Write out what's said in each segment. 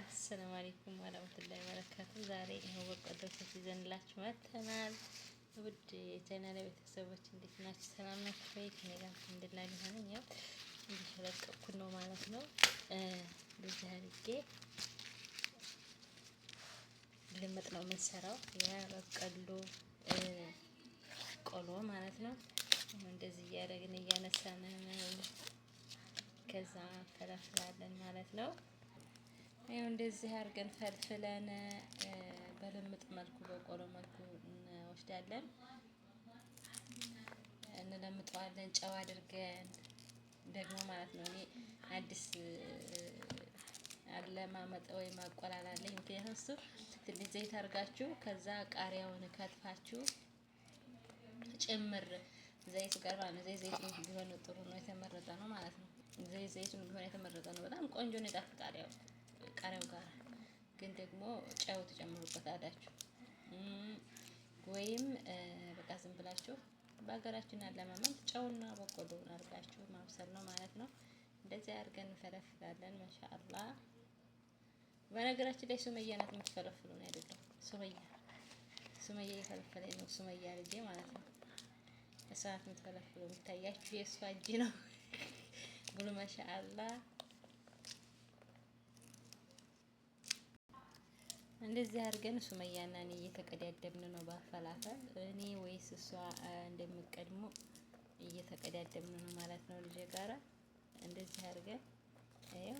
አሰላሙ አለይኩም ወራህመቱላሂ ወበረካቱ። ዛሬ ይኸው በቆሎ ይዘንላችሁ መጥተናል። ውድ የቻናል ቤተሰቦች እንዴት ናችሁ? ሰላም ናችሁ ወይ? ከኔ ጋር እንድላል ይሆነኝ ያው እንዲሸለቀኩት ነው ማለት ነው። በዚህ አድርጌ ልምጥ ነው የምንሰራው ያ ቆሎ ማለት ነው። እንደዚህ እያደረግን እያነሳን ከዛ ፈለፍላለን ማለት ነው። ይኸው እንደዚህ አድርገን ፈልፍለን በልምጥ መልኩ በቆሎ መልኩ እንወስዳለን፣ እንለምጠዋለን ጨው አድርገን ደግሞ ማለት ነው። እኔ አዲስ አለማመጥ ወይም አቆላላለኝ። ምክንያቱም እሱ ትንሽ ዘይት አድርጋችሁ ከዛ ቃሪያውን ከትፋችሁ ጭምር ዘይቱ ጋር ማለት ነው። ዘይት ቢሆን ጥሩ ነው፣ የተመረጠ ነው ማለት ነው። ዘይት ዘይቱን ቢሆን የተመረጠ ነው። በጣም ቆንጆ ነው፣ ይጣፍጣል ያው ከቃሪያው ጋር ግን ደግሞ ጨው ተጨምሮበት አላችሁ ወይም በቃ ዝም ብላችሁ በሀገራችን አለማመድ ጨውና በቆሎ አድርጋችሁ ማብሰል ነው ማለት ነው። እንደዚህ አድርገን እንፈለፍላለን። ማሻአላ በነገራችን ላይ ሱመያ ናት የምትፈለፍሉ ነው አይደለም? ሱመያ ሱመያ የፈለፈለ ነው ሱመያ ልጄ ማለት ነው። እሷ ናት የምትፈለፍሉ። የሚታያችሁ የእሷ እጅ ነው ብሉ ማሻአላ እንደዚህ አድርገን ሱመያና እኔ እየተቀዳደብን ነው በፈላፈል እኔ ወይስ እሷ እንደምቀድሞ እየተቀዳደብን ነው ማለት ነው። ልጅ ጋራ እንደዚህ አድርገን ያው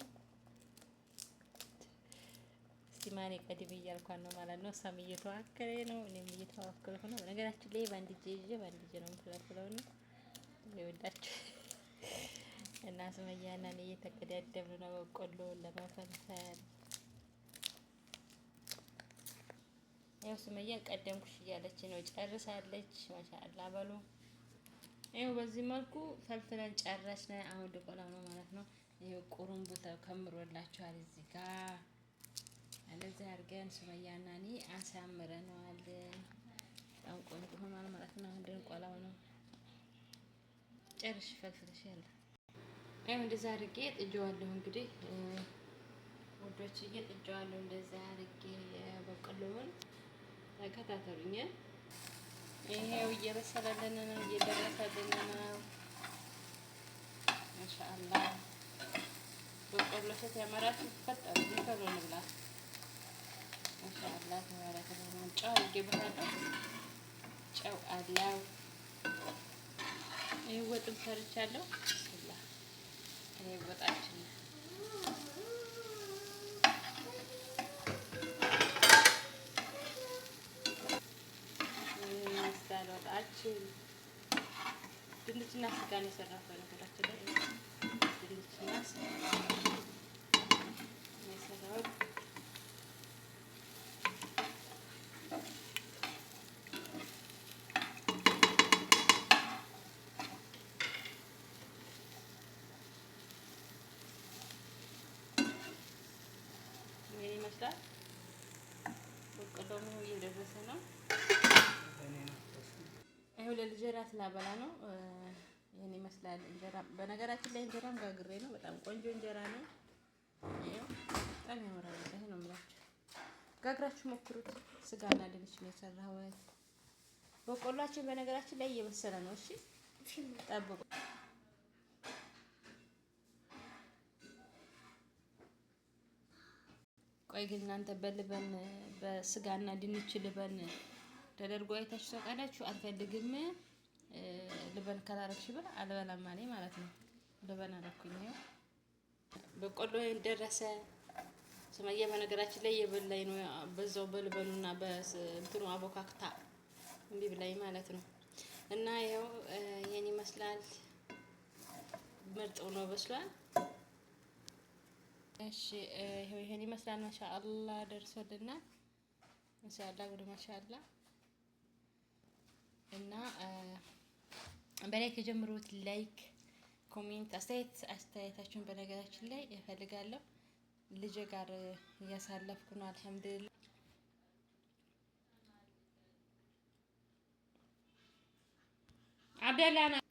ሲማኔ ቀድቤ እያልኳን ነው ማለት ነው። እሷም እየተዋከለ ነው፣ እኔም እየተዋከልኩ ነው። ነገራችን ላይ በአንድ እጄ ይዤ በአንድ እጄ ነው ምፍለፍለው ነው ይወዳችሁ እና ሱመያና እኔ እየተቀዳደብን ነው በቆሎ ለመፈልፈል ያው ስመያ ቀደምኩሽ እያለች ነው። ጨርሳለች። ማሻአላ በሉ። ይኸው በዚህ መልኩ ፈልፍለን ጨረስን። አሁን ልቆላው ነው ማለት ነው። ይኸው ቁሩምቡ ተከምሮላችኋል እዚህ ጋር እንደዚህ አድርገን ሱመያና እኔ አሳምረነዋል። በጣም ቆንጆ ሆኗል ማለት ነው። አሁን ልንቆላው ነው። ጨርሽ ፈልፍለሽ ያለ ይኸው እንደዚህ አድርጌ ጥጄዋለሁ። እንግዲህ ውዶችዬ ጥጄዋለሁ። እንደዚህ አድርጌ በቆሎውን ተከታተሉኝ። ይሄው እየበሰለልን ነው፣ እየደረሰልን ነው። ማሻአላህ በቆሎ ሰት ያመራችሁ ፈጠሩ ቢፈሩ እንብላ። ማሻአላህ ተባረከ። ጨው ይገባታል፣ ጨው አለው። ይህ ወጥም ሰርቻለሁ። ድንችና ስጋ ነው የሰራሁት። በነገራችን ላይ ድንችና ስጋ ነው የሰራሁት። ይሄን ይመስላል። በቆሎው እየደረሰ ነው። ይኸው ለልጄ ስላበላ ነው። ይህን ይመስላል እንጀራ። በነገራችን ላይ እንጀራም ጋግሬ ነው። በጣም ቆንጆ እንጀራ ነው። በጣም ያምራል። ይሄ ነው የምላችሁ፣ ጋግራችሁ ሞክሩት። ስጋና ድንች ነው የሰራሁት። በቆሏችን በነገራችን ላይ እየበሰለ ነው። እሺ ጠብቁ። ቆይ ግን እናንተ በልበን በስጋና ድንች ልበን ተደርጎ አይታችሁ ተቀዳችሁ አልፈልግም ልበን ካላረግሽ ብር አልበላም አለኝ ማለት ነው። ልበን አደረኩኝ። በቆሎ ደረሰ። ስመያ በነገራችን ላይ የበላኝ ነው በዛው በልበኑና በእንትኑ አቦካክታ እምቢ ብላኝ ማለት ነው። እና ይኸው ይሄን ይመስላል። ምርጥ ነው በስሏል። እሺ ይሄን ይመስላል። ማሻአላ ደርሶልናል። ማሻአላ ጉድ ማሻአላ እና በላይ ከጀምሩት ላይክ፣ ኮሜንት፣ አስተያየት አስተያየታችሁን በነገራችን ላይ እፈልጋለሁ። ልጅ ጋር እያሳለፍኩ ነው አልሐምዱሊላ አብደላ